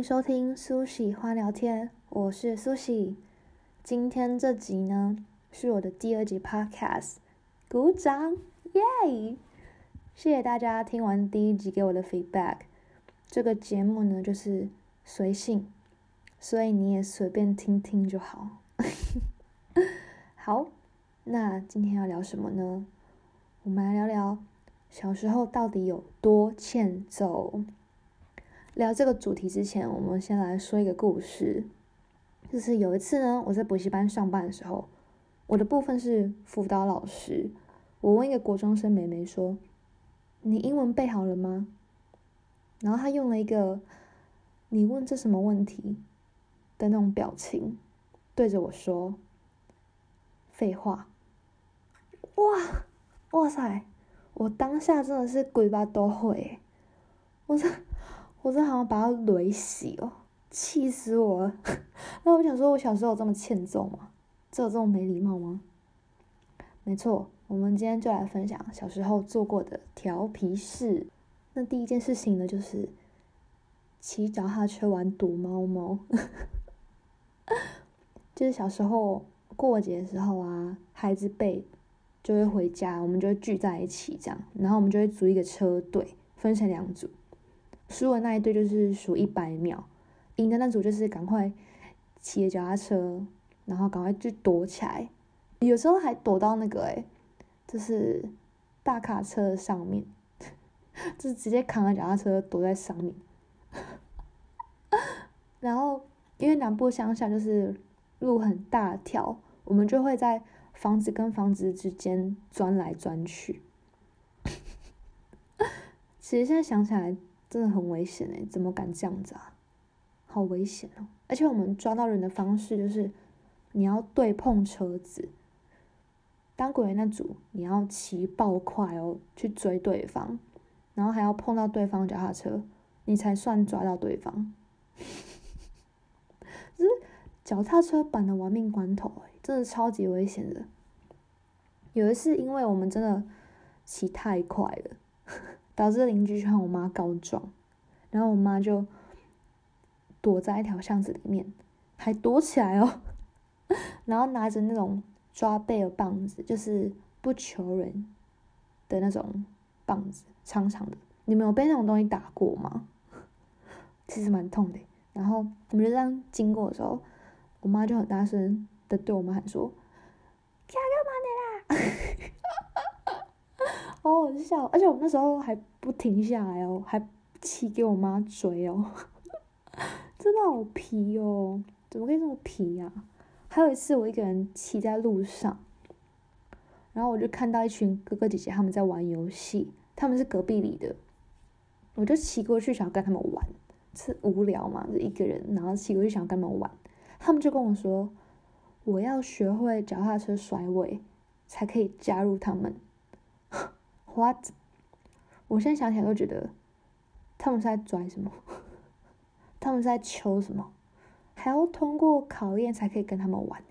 歡迎收聽蘇喜歡聊天，我是蘇喜。今天這集呢，是我的第二集 podcast，鼓掌，耶！謝謝大家聽完第一集給我的 feedback。這個節目呢，就是隨性，所以你也隨便聽聽就好。 好，那今天要聊什麼呢？我們來聊聊小時候到底有多欠揍。聊這個主題之前，我們先來說一個故事。就是有一次呢，我在補習班上班的時候，我的部分是輔導老師。我問一個國中生妹妹說：“你英文背好了嗎？”然後她用了一個“你問這什麼問題”的那種表情，對着我說：“廢話。”哇哇塞！我當下真的是鬼八都灰。我說。我真的好像把他雷死哦，氣死我了！ 那我想說，我小時候有這麼欠揍嗎？這有這麼沒禮貌嗎？沒錯，我們今天就來分享小時候做過的調皮事。那第一件事情呢，就是騎腳踏車玩躲貓貓。 就是小時候過節的時候啊，孩子輩就會回家，我們就會聚在一起，這樣，然後我們就會組一個車隊，分成兩組。輸的那一隊就是數一百秒，贏的那組就是趕快騎着腳踏車，然後趕快去躲起來。有時候還躲到那個誒、欸，就是大卡車上面， 就是直接扛着腳踏車躲在上面。 然後因為南部鄉下就是路很大條，我們就會在房子跟房子之間鑽來鑽去。 其實現在想起來。真的很危險哎、欸，怎麼敢這樣子啊？好危險哦、喔！而且我們抓到人的方式就是，你要對碰車子，當鬼那組你要騎爆快哦、喔，去追對方，然後還要碰到對方腳踏車，你才算抓到對方。就 是腳踏車版的玩命關頭、欸，真的超級危險的。有一次，因為我們真的騎太快了，導致鄰居去和我媽告狀，然後我媽就躲在一條巷子裡面，還躲起來哦， 然後拿着那種抓背的棒子，就是不求人的那種棒子，長長的。你們有被那種東西打過嗎？ 其實蠻痛的。然後我們就這樣經過的時候，我媽就很大聲的對我們喊說：“家幹嘛的啦！”哦，我就笑，而且我那時候還不停下來哦，還騎給我媽追哦，真的好皮哦！怎麼可以這麼皮呀、啊？還有一次，我一個人騎在路上，然後我就看到一群哥哥姐姐他們在玩遊戲，他們是隔壁里的，我就騎過去想要跟他們玩，是無聊嘛？就一個人，然後騎過去想要跟他們玩，他們就跟我說：“我要學會腳踏車甩尾，才可以加入他們。” What？我現在想起來都覺得，他們是在拽什麼？ 他們是在求什麼？還要通過考驗才可以跟他們玩呢？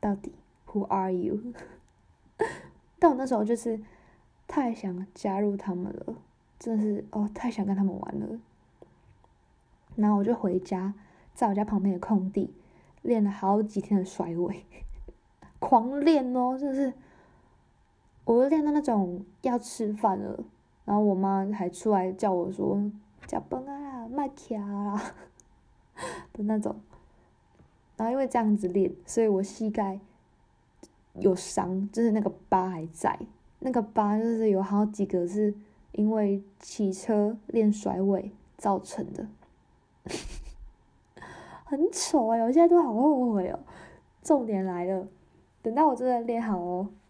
到底 Who are you？ 但我那時候就是太想加入他們了，真的是哦，太想跟他們玩了。然後我就回家，在我家旁邊的空地練了好幾天的甩尾， 狂練哦，真的是。我都練到那種要吃飯了，然後我媽還出來叫我說：“呷飯啊，麥騎啦”的那種。然後因為這樣子練，所以我膝蓋有傷，就是那個疤還在。那個疤就是有好幾個是因為騎車練甩尾造成的，很醜啊、欸！我現在都好後悔哦、喔。重點來了，等到我真的練好哦、喔。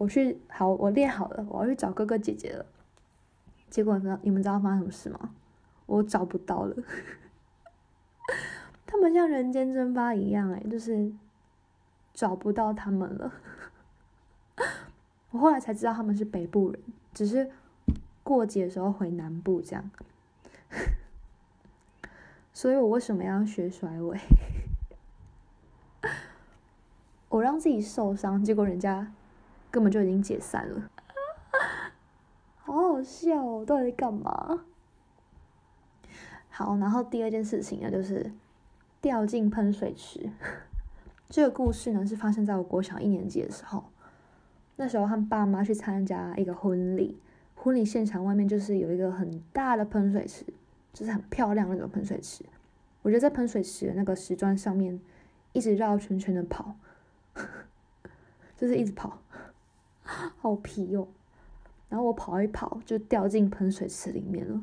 我去，好，我練好了，我要去找哥哥姐姐了。結果呢？你們知道發生什麼事嗎？我找不到了， 他們像人間蒸發一樣，欸，哎，就是找不到他們了。 我後來才知道他們是北部人，只是過節的時候回南部這樣。 所以我為什麼要學甩尾？ 我讓自己受傷，結果人家。根本就已經解散了， 好好笑哦！到底在幹嘛？好，然後第二件事情呢，就是掉進噴水池。 這個故事呢，是發生在我國小一年級的時候。那時候，和爸媽去參加一個婚禮，婚禮現場外面就是有一個很大的噴水池，就是很漂亮那種噴水池。我就在噴水池的那個石磚上面一直繞圈圈的跑， 就是一直跑。好皮喲、喔！然後我跑一跑，就掉進噴水池裡面了。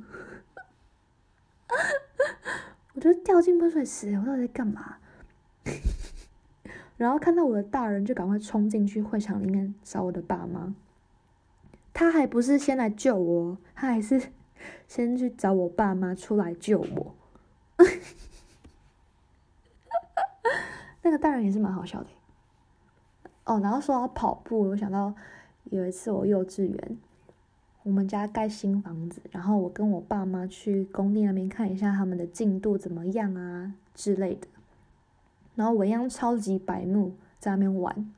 我就掉進噴水池，我到底在幹嘛？然後看到我的大人，就趕快衝進去會場裡面找我的爸媽。他還不是先來救我，他還是先去找我爸媽出來救我。那個大人也是蠻好笑的。哦，然後說到跑步，我想到有一次我幼稚園，我們家蓋新房子，然後我跟我爸媽去工地那邊看一下他們的進度怎麼樣啊之類的，然後我一樣超級白目，在那邊玩，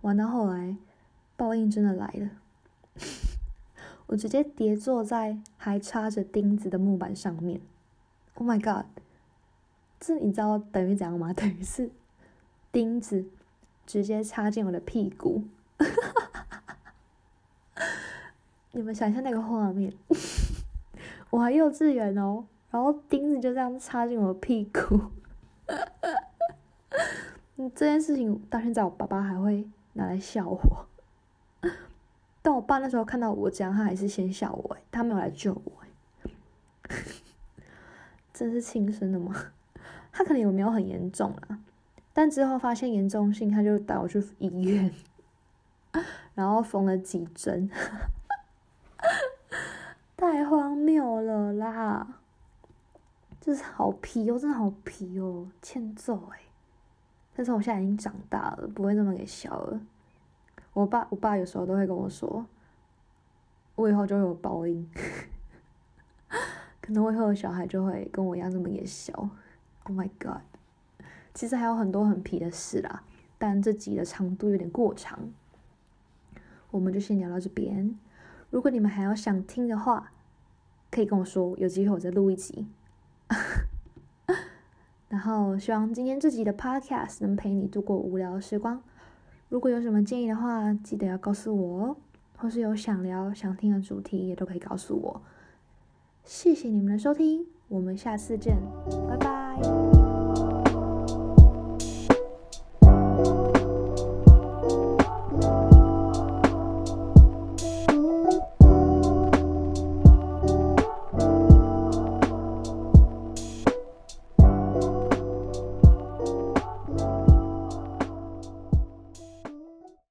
玩到後來，報應真的來了， 我直接跌坐在還插着釘子的木板上面，Oh my god，這你知道等於怎樣嗎？等於是釘子。直接插進我的屁股。 你們想一下那個畫面。 我還幼稚園哦，然後釘子就這樣插進我的屁股，嗯， 這件事情到現在我爸爸還會拿來笑我， 但我爸那時候看到我這樣，他還是先笑我欸，他沒有來救我欸， 真是親生的嗎？他可能有沒有很嚴重啊？但之後發現嚴重性，他就帶我去醫院，然後縫了幾針， 太荒謬了啦！真是好皮哦、喔，真的好皮哦、喔，欠揍哎、欸！但是我現在已經長大了，不會那麼給笑了。我爸，我爸有時候都會跟我說，我以後就有報應。 可能我以後的小孩就會跟我一樣這麼給笑。Oh my god！其實還有很多很皮的事啦，但這集的長度有點過長，我們就先聊到這邊。如果你們還要想聽的話，可以跟我說，有機會我再錄一集。 然後希望今天這集的 Podcast 能陪你度過無聊的時光。如果有什麼建議的話，記得要告訴我哦，或是有想聊、想聽的主題也都可以告訴我。謝謝你們的收聽，我們下次見，拜拜。